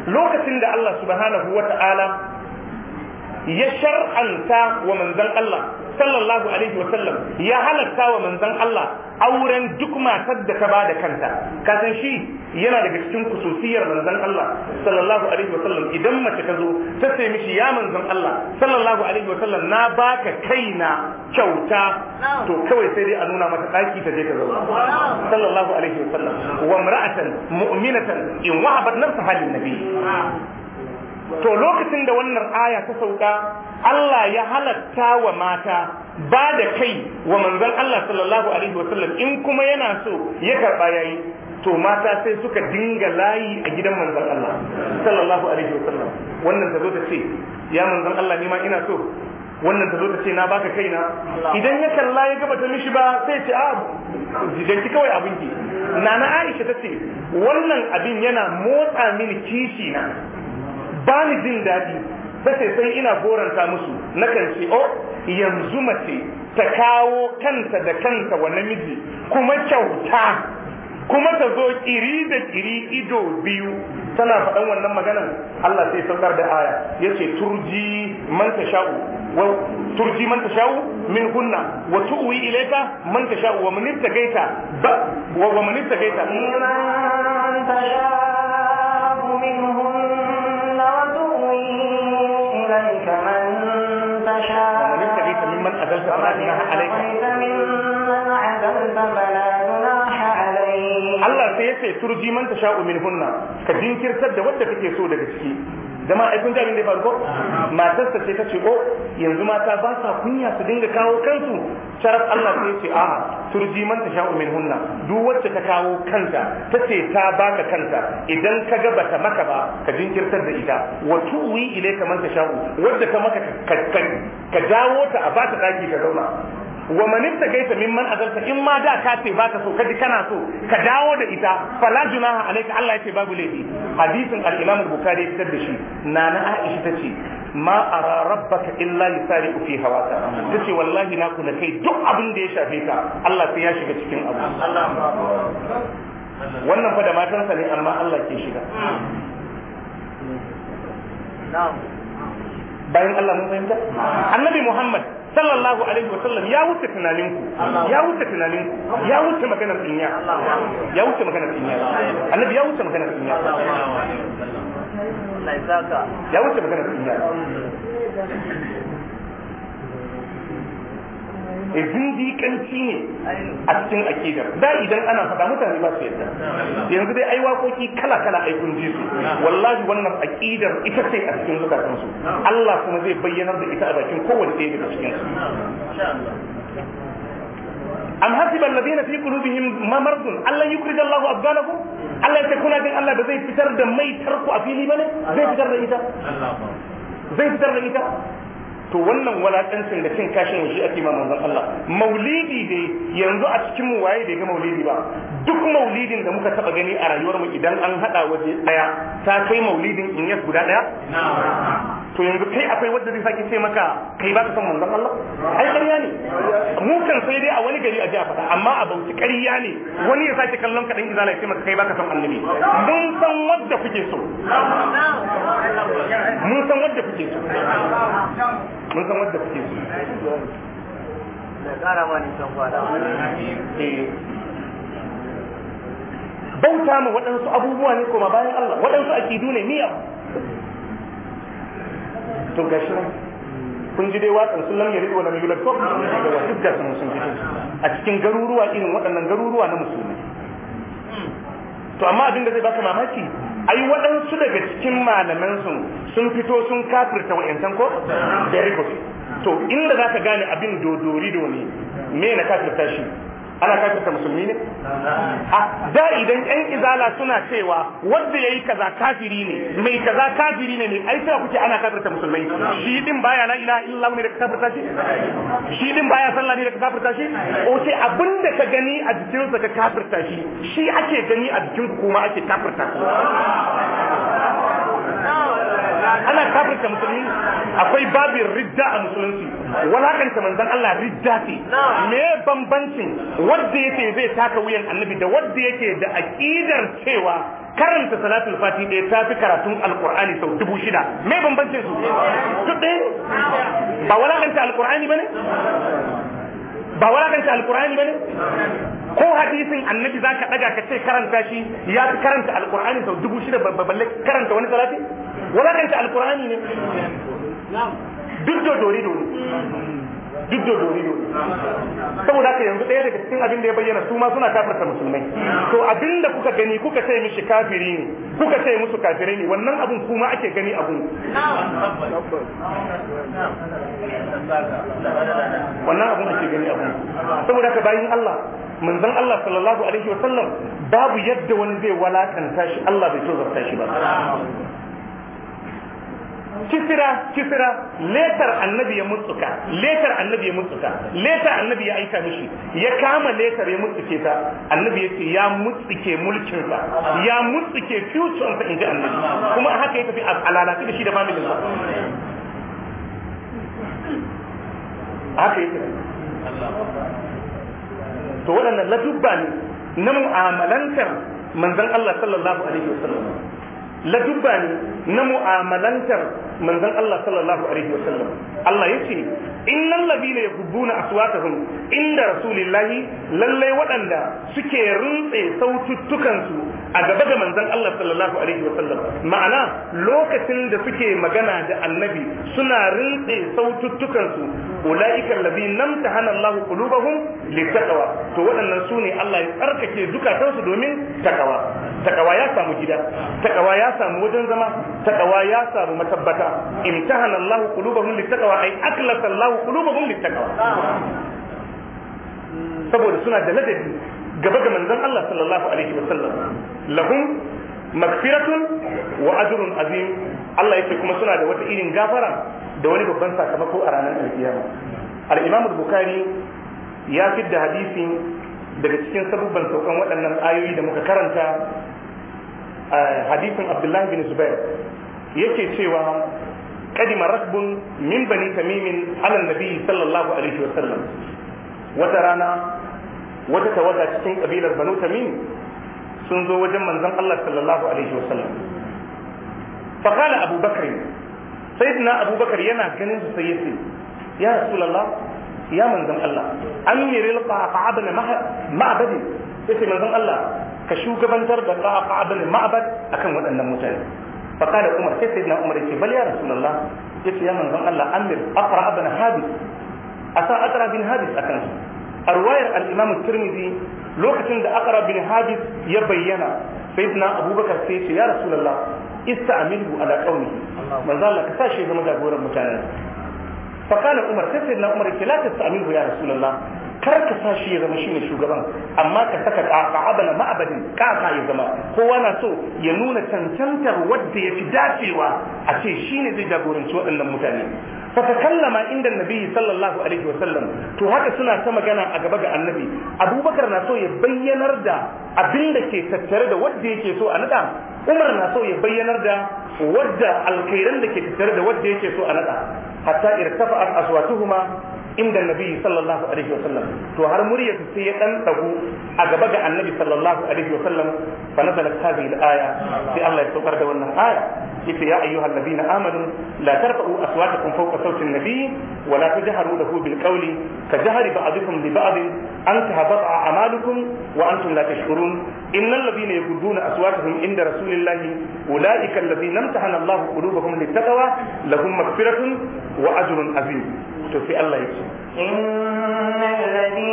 lokacin da Allah subhanahu wata'ala ya shar'anta wa Manzan Allah sallallahu alaihi wa sallam ya halatta wa Manzan Allah auren duk matar da ta bada kanta kasan shi yana daga cikin kususiyar Manzan Allah sallallahu alaihi wa sallam idan mace ta zo ta sai mishi ya manzon Allah sallallahu alaihi wa sallam na baka kaina kyauta to kawai sai dai a nuna mata daki ta je ta zauna sallallahu alaihi wa sallam wa imra'atan mu'minatan in wahabat nafsaha lin nabi to lokacin da wannan aya ta sauka Allah ya halatta wa mata ba da kai wa manzon Allah sallallahu alaihi wasallam in kuma yana so ya karba yayi to mata sai suka dinga layi a gidan manzon Allah sallallahu alaihi wasallam wannan ta zo ta ce ya manzon Allah ni ma ina so wannan ta zo ta ce na baka kaina idan ya kalla ya gaba ta mishi ba sai ce a ah, ki kawai abin ki nana Aisha ta ce wannan abin yana motsa mini kishi na ba ni jin daɗi ba sai sai ina goranta musu nakan ce oh yanzu mace ta kawo kanta da kanta wa namiji kuma kyauta kuma ta zo kiri da kiri ido biyu tana faɗan wannan maganan Allah sai saukar da aya yace turji man tasha'u wa turji man sha'u min kunna wa tu'wi ilaika? man sha'u, wa man ta gaita? wa man ittaqaita man tasha'u إليك من تشاء ومن تبيت ممن أدلت فلا جناح عليك ممن أدلت فلا جناح عليك الله سيسي ترجي من تشاء منهن كجنكر سد ودك تيسو لك zama aikin kun da farko matarsa ce ta ce ko oh, yanzu mata ba sa kunya su dinga kawo kansu sharaf Allah sai ce a turji man sha'u min hunna duk wacce ta kawo kanta ta ce ta baka kanta idan ka ga bata maka ba ka jinkirtar da ita wa tuwi ilayka man tasha'u wadda ka maka ka jawo ta a bata daki ka zauna wa ta gaisa mimman azalta in ma da ka ce baka so kaji kana so ka dawo da ita fala junaha alayka Allah yace babu laifi hadisin al-Imam al-Bukhari ya da shi nana Aisha tace ma ara rabbaka illa yusari'u fi Ta tace wallahi na kula kai duk abin da ya shafe ka Allah sai ya shiga cikin abu wannan fa da matansa ne amma Allah ke shiga na'am bayan Allah mun fahimta annabi Muhammad sallallahu alaihi wa sallam ya wuce tunanin ku ya wuce tunanin ku ya wuce maganar dunya ya wuce maganar dunya annabi ya wuce maganar dunya ya wuce maganar dunya Eh, zindiƙanci ne a cikin akidar da idan ana faɗa mutane ba su yadda yanzu dai ai wakoki kala kala ai kun ji su wallahi wannan akidar ita ce a cikin zukatan su Allah kuma zai bayyanar da ita a bakin kowanne ɗaya daga cikin su am hasiba alladhina fi qulubihim maradun Allah yukhrij Allahu abdanahum Allah ya kuna din Allah ba zai fitar da mai tarku a fili bane zai fitar da ita zai fitar da ita to wannan walaƙancin da cin kashin waje a ma manzon Allah maulidi dai yanzu a cikin mu waye bai ga maulidi ba duk maulidin da muka taba gani a rayuwar mu idan an hada waje daya ta kai maulidin in yas guda daya to yanzu kai akwai wanda zai sake ce maka kai ba ka san manzon Allah ai ƙarya ne mu kan sai dai a wani gari a ji a faɗa amma a bauti ƙarya ne wani ya sake kallon ka dan izala ya ce maka kai ba ka san annabi mun san wanda kuke so mun san wadda kuke so mun san wadda kuke so eh. bauta ma waɗansu abubuwa ne kuma bayan Allah waɗansu akidu ne miya to gashi kun ji dai watsan sun lamye riƙo na yulat ko duk da sun sun fito a cikin garuruwa irin waɗannan garuruwa na musulmi to amma abin da zai baka mamaki ai waɗansu daga cikin malaman sun sun fito sun kafirta wa'yantan ko da good to inda za ka gane abin dodori ne me na kafirta shi ana kafirta musulmi ne a da idan yan izala suna cewa wanda yayi kaza kafiri ne mai kaza kafiri ne mai ai sai kuke ana kafirta musulmai shi din baya la ilaha illallah ne da kafirta shi shi din baya sallah ne da kafirta shi o sai abinda ka gani a jikin sa ka kafirta shi shi ake gani a jikin kuma ake kafirta ana kafirta musulmi akwai babin ridda a musulunci walakanta manzon Allah ridda ce me bambancin wanda yake zai taka wuyan annabi da wanda yake da aqidar cewa karanta salatul fati ɗaya ta fi karatun alkur'ani sau dubu shida me bambancin su ba walakanta alkur'ani bane ba walakanta alkur'ani bane ko hadisin annabi zaka daga ka ce karanta shi ya fi karanta alkur'ani sau dubu shida balle karanta wani salati walakanta alkur'ani ne duk dori dori duk da dorido saboda haka yanzu ɗaya daga cikin abin da ya bayyana su ma suna kafarta musulmai to abin da kuka gani kuka ce mishi kafiri ne kuka ce musu kafirai ne wannan abun kuma ake gani abun wannan abun ake gani abun saboda haka bayin Allah manzon Allah sallallahu alaihi wa sallam babu yadda wani zai walakanta shi Allah bai so zarta shi ba kisira kisira letar annabi ya mutsuka letar annabi ya mutsuka letar annabi ya aika mishi ya kama letar ya mutsuke ta annabi ya ce ya mutsuke mulkin sa ya mutsuke future sa inji annabi kuma haka ya tafi alalaci da shi da family sa haka ya tafi to waɗannan ladubba ne na mu'amalantar manzon Allah sallallahu alaihi wasallam La ne na mu'amalantar manzon Allah sallallahu alaihi wasallam Allah yace innal ladina yaghudduna aswatahum inda rasulillahi lalle waɗanda suke rintse saututtukan su a gaba da manzon Allah sallallahu alaihi wa sallam ma'ana lokacin da suke magana da annabi suna rinse saututtukan su ulaika allazi namtahana Allah qulubahum litaqwa to waɗannan su ne Allah ya tsarkake zukatansu domin takawa takawa ya samu gida takawa ya samu wajen zama takawa ya samu matabbata imtahana Allah qulubahum litaqwa ai aklasa Allah qulubahum litaqwa saboda suna da ladabi gaba ga manzon Allah sallallahu alaihi wa sallam lahum magfiratun wa ajrun azim Allah yake kuma suna da wata irin gafara da wani babban sakamako a ranar alkiyama al-Imam al-Bukhari ya fidda hadisin daga cikin sabubban saukan waɗannan ayoyi da muka karanta hadisin Abdullahi bin Zubair yake cewa kadima rakbun min bani tamimin ala nabi sallallahu alaihi wa sallam wata rana wata tawaga cikin kabilar banu tamim sun zo wajen manzon Allah sallallahu alaihi wasallam fa kana Abu Bakr sayyidina Abu Bakr yana ganin su sai yace ya rasulullah ya manzon Allah amiril qaqa ibn ma'bad yace manzon Allah ka shugabantar da qaqa ibn ma'bad akan waɗannan mutane fa kana Umar sai sayyidina Umar yace bal ya rasulullah yace ya manzon Allah amir aqra ibn hadith asa aqra bin hadith akan su a ruwayar al'imamu turmizi lokacin da akara bin hadis ya bayyana sai na abubakar sai ce ya lalla ista aminu ala kauni manzo Allah ka sashi zama jagoran mutanen fakana umar sai na umar ke la aminu ya lalla. kar ka sa shi ya zama shi ne shugaban amma ka saka ka'abala ma'abadin ka ya zama kowa na so ya nuna cancantar wadda ya fi dacewa a ce shi ne zai jagoranci waɗannan mutane kallama inda nabi sallallahu alaihi wasallam to haka suna ta magana a gaba ga annabi abubakar na so ya bayyanar da abin da ke tattare da wadda yake so a nada umar na so ya bayyanar da wadda alkhairan da ke tattare da wadda yake so a nada hatta irtafa'at aswatuhuma inda nabi sallallahu alaihi wasallam to har muryar sai ya dan dagu a gaba ga annabi sallallahu alaihi wasallam fa nazalat hadhihi al-aya sai Allah ya saukar da wannan aya yace ya ayyuhal ladina amanu la tarfa'u aswatakum fawqa sawti an-nabi wa la tajharu lahu bil qawli ka jahri ba'dikum li ba'd an tahbata a'malukum wa antum la tashkurun innal ladina yaqudduna aswatahum inda rasulillahi ulaika alladhina imtahana Allahu qulubahum lit-taqwa lahum maghfiratun wa ajrun azim to sai Allah ya ce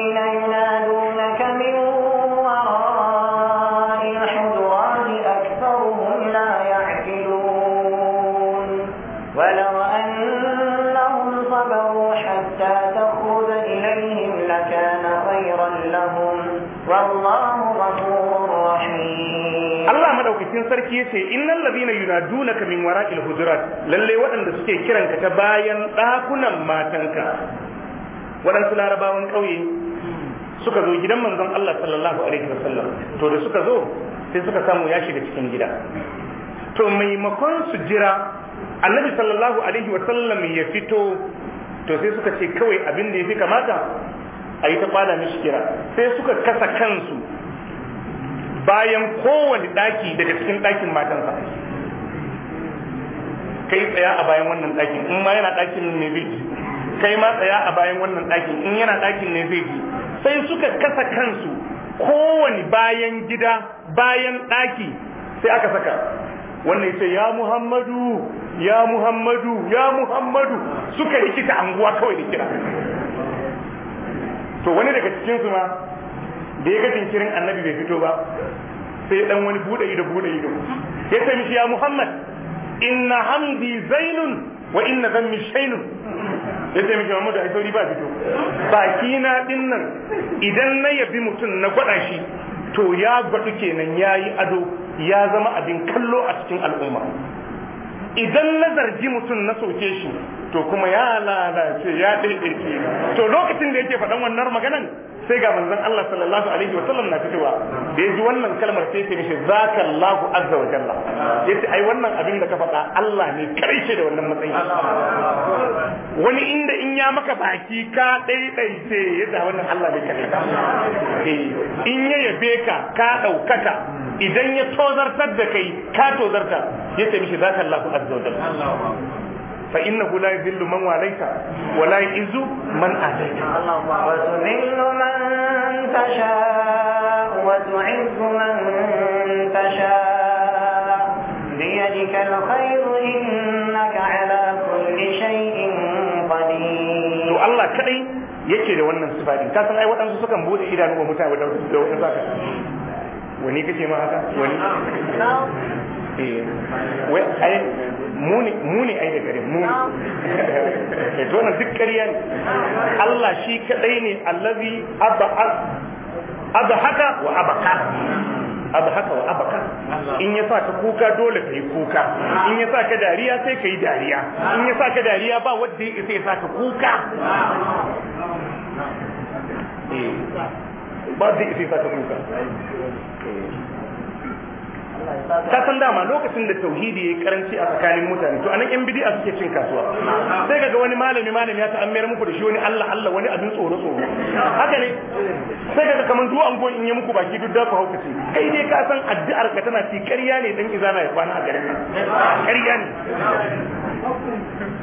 sarki ya ce, yace innal ladina yunadunaka min wara'il hujurat lalle waɗanda suke kiranka ta bayan ɗakunan matanka waɗansu larabawan ƙauye suka zo gidan manzon Allah sallallahu alaihi wasallam to da suka zo sai suka samu ya shiga cikin gida to maimakon su jira annabi sallallahu alaihi wasallam ya fito to sai suka ce kawai abin da ya fi kamata a yi ta kwada mishi kira sai suka kasa kansu bayan kowane ɗaki daga cikin ɗakin matansa kai tsaya a bayan wannan ɗakin in ma yana ɗakin ne zai kai ma tsaya a bayan wannan ɗakin in yana ɗakin ne zai sai suka kasa kansu kowane bayan gida bayan ɗaki sai aka saka wannan ce ya muhammadu ya muhammadu ya muhammadu suka rikita anguwa kawai da kira to wani daga cikinsu ma da ya gajin annabi bai fito ba sai dan wani bude ido bude ido ya ce mishi ya muhammad inna hamdi zainun wa inna zammi shainun ya ce mishi muhammad ai sauri ba fito baki na din nan idan na yabi mutum na gwada shi to ya gwadu kenan yayi ado ya zama abin kallo a cikin al'umma idan na zargi mutum na soke shi to kuma ya lalace ya ɗaiɗaike to lokacin da yake faɗan wannan maganan sai ga manzon Allah sallallahu alaihi wa sallam na fitowa da yaji wannan kalmar sai ce mishi zaka Allahu azza wa jalla yace ai wannan abin da ka faɗa Allah ne karshe da wannan matsayi wani inda in ya maka baki ka ce yadda wannan Allah ne kare eh, ka in ya yabe ka ka daukaka idan ya tozartar da kai ka tozarta yace mishi zaka Allahu azza wa jalla فإنه لا يذل من واليت ولا يعز من آتيت. الله أكبر. تشاء وتعز من تشاء بيدك الخير إنك على كل شيء قدير الله كريم yake da wannan sifadin san ai waɗansu sukan bude idanu wa mutane da wani haka wani kace ma haka wani eh muni muni ai da gare muni eh [LAUGHS] to nan duk ƙarya ne Allah shi kadai ne allazi aba'ad abahaka wa abaka Abba haka wa abaka in ya sa ka kuka dole ka yi kuka in ya sa ka dariya sai ka yi dariya in ya sa ka dariya ba wadda ya isa ya sa ka kuka eh. ba wadda ya isa ya sa ka kuka eh. ka san dama lokacin da tauhidi yayi karanci a tsakanin mutane to anan yan bid'a suke cin kasuwa sai kaga wani malami malami ya ta an muku da shi wani Allah Allah wani abin tsoro tsoro haka ne sai kaga kaman duk an in yi muku baki duk da ku haukace kai dai ka san addu'ar ka tana fi ƙarya ne dan izana ya kwana a garin ƙarya ne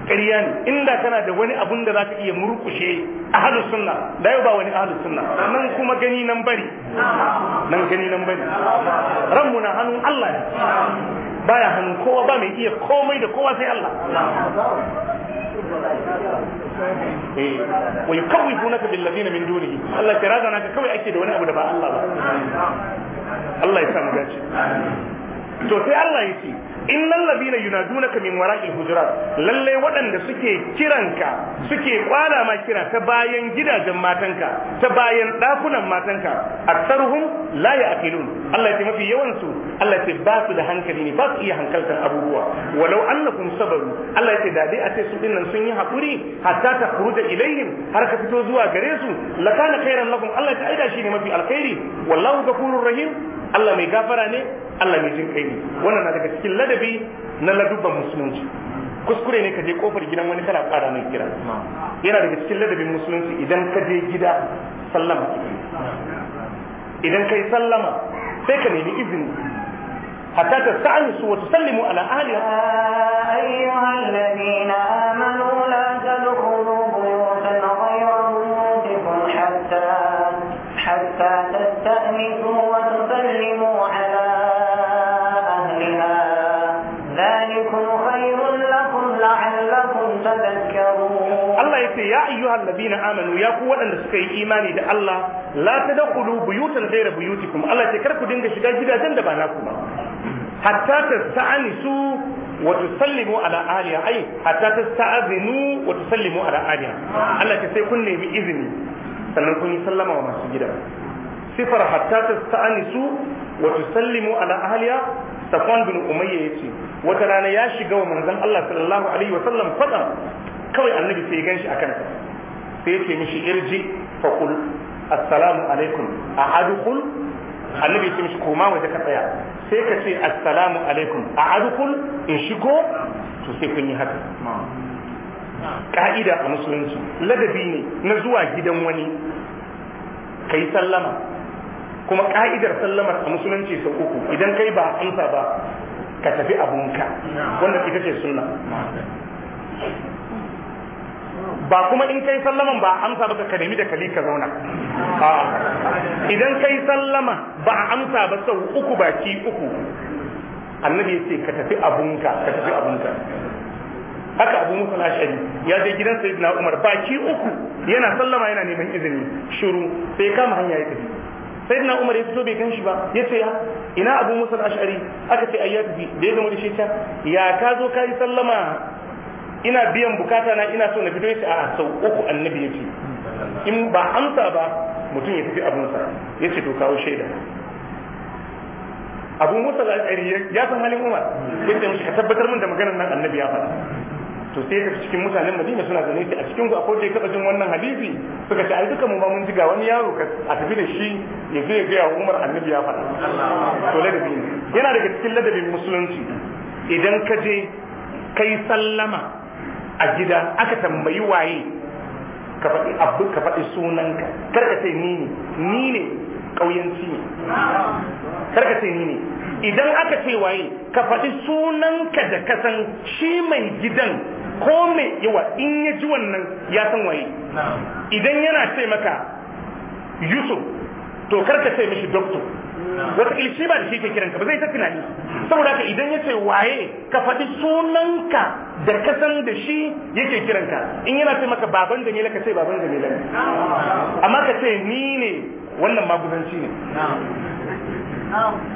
ƙarya ne inda kana da wani abun da za ka iya murkushe halin sunna da yau ba wani halin sunna nan kuma gani nan bari nan gani nan bari ranmu na hannun Allah ne baya hannun kowa ba mai iya komai da kowa sai Allah eh, wa ka bil ladina min dunihi Allah ya razana ka kawai ake da wani abu da ba Allah ba Allah ya sa gaci to sai Allah ya ce innal ladina yunadunaka min wara'il hujurat lalle waɗanda suke kiranka suke kwana ma kira ta bayan gidajen matanka ta bayan dakunan matanka aktsaruhum la ya'qilun Allah ya ce mafi yawan su Allah ya ce ba su da hankali ne ba su iya hankaltar abubuwa walau annakum sabaru Allah ya ce da dai a ce su dinnan sun yi hakuri hatta ta khuruja ilaihim har ka fito zuwa gare su lakana khairan lakum Allah ya ce aida shi ne mafi alkhairi wallahu ghafurur rahim Allah mai gafara ne Allah mai jin kai ne wannan na daga cikin ladabi na ladubban musulunci kuskure ne ka je kofar gidan wani kana fara mai kira yana daga cikin ladabin musulunci idan ka je gida sallama idan kai sallama sai ka nemi izini hatta ta su wa tusallimu ala ahliha ayyuhal amanu تستأنسوا وتسلموا على أهلها ذلكم خير لكم لعلكم تذكرون الله يقول يا أيها الذين آمنوا يا قوة أن تسكي إيماني دا الله لا تدخلوا بيوتا غير بيوتكم الله تكركوا دينك شجاع جدا جدا باناكم حتى تستأنسوا وتسلموا على آلها أي حتى تستأذنوا وتسلموا على آلها الله تسيكون نبي إذني sannan kun yi sallama wa masu gida sifar hatta ta ta'anisu wa tusallimu ala ahliya Safwan bin Umayya yace wata rana ya shiga wa manzon Allah sallallahu alaihi wa sallam fadan kawai annabi sai ya ganshi akan sa sai yace mishi irji fa qul assalamu alaikum ahadukum annabi yace mishi koma waje ka tsaya sai ka ce assalamu alaikum ahadukum in shigo to sai kun yi haka ka'ida a musulunci ladabi ne na zuwa gidan wani kai sallama kuma ka'idar sallamar a musulunci sau uku idan kai ba amsa ba ka tafi abunka wannan ita ce sunna ba kuma in kai sallaman ba amsa ba ka nemi da kali ka zauna idan kai sallama ba amsa ba sau uku baki uku annabi ya ce ka tafi abunka ka tafi abunka haka abu musa lashari ya je gidan sayyidina umar baki uku yana sallama yana neman izini shiru sai kama hanya ya tafi sai umar ya fito bai gan shi ba ya ce ya ina abu musul ash'ari aka ce ayya bi da ya gama da shi ta ya ka zo ka yi sallama ina biyan bukata na ina so na fito ya ce a sau uku annabi ya ce in ba amsa ba mutum ya tafi sa ya ce to kawo shaida abu musul ash'ari ya san halin umar ya ce ka tabbatar min da maganar nan annabi ya faɗa to sai ka cikin mutanen Madina suna zane sai a cikin ku akwai da ya jin wannan hadisi suka ce ai duka mu ba mun ji ga wani yaro a tafi da shi ya je ga ya Umar Annabi ya faɗa to ladabi yana daga cikin ladabin musulunci idan ka je kai sallama a gida aka tambayi waye ka faɗi abu ka faɗi sunanka kar ka ce ni ne ni ne kauyanci ne kar ka ce ni ne idan aka ce waye ka faɗi sunanka da kasan shi mai gidan ko mai yawa in ya ji wannan ya san waye idan yana ce maka yusuf to karka ce mishi doctor wata shi ba da shi ke kiranka ba zai ta tunani saboda ka idan ya ce waye ka faɗi sunanka da kasan da shi yake kiranka in yana ce maka baban da ka ce baban amma ka ce ni ne wannan maguzanci ne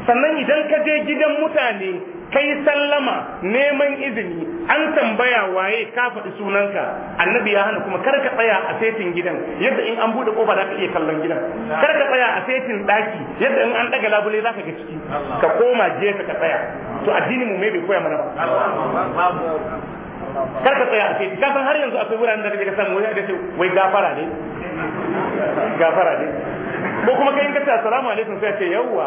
sannan idan ka je gidan mutane kai sallama neman izini an tambaya waye ka faɗi sunanka annabi ya hana kuma kar ka tsaya a setin gidan yadda in an buɗe kofa za ka iya kallon gidan kar ka tsaya a setin ɗaki yadda in an ɗaga labule za ka ga ciki ka koma jefa ka tsaya to addini mu mai bai koya mana ba kar ka tsaya a setin ka san har yanzu akwai wuraren da ka samu wani da ce wai gafara ne gafara ne ko kuma kai ka ce assalamu alaikum sai ce yawwa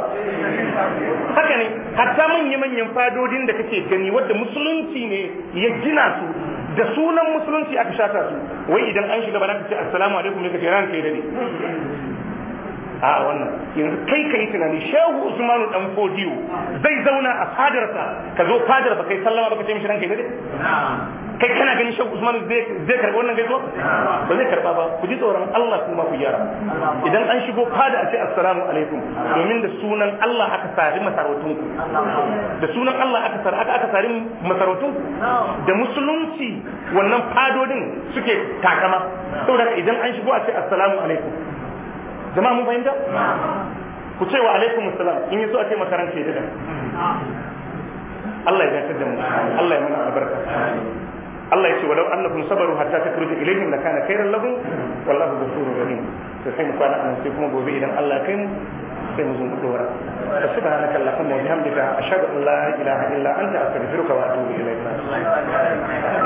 haka ne hatta manyan manyan fadodin da kake gani wadda musulunci ne ya gina su da sunan musulunci aka shata su wai idan an shiga bana ka ce assalamu alaikum ne ka ce ranka da dade a wannan yanzu kai ka yi tunani shehu usmanu dan fodiyo zai zauna a fadarsa ka zo fadar ba kai sallama ba ka ce mishi ranka ya kai kana ganin shehu usmanu zai karɓi wannan gaiso ba zai karɓa ba ku ji tsoron allah kuma ku gyara idan an shigo fada a ce assalamu alaikum domin da sunan allah aka sari masarautunku, da sunan allah aka sari aka aka sari masarautun da musulunci wannan fadodin suke takama saboda idan an shigo a ce assalamu alaikum jama'a mun fahimta ku ce wa alaikum assalam in yaso a ce makaranta ya dada Allah ya dakatar da mu Allah ya mana albarka Allah ya ce walau annakum sabaru hatta takhruju ilayhim lakana khairan lahum wallahu ghafurur rahim to sai mu kwana an sai kuma gobe idan Allah ya kai mu sai mu zo mu dora subhanaka allahumma wa bihamdika ashhadu an la ilaha illa anta astaghfiruka wa atubu ilayk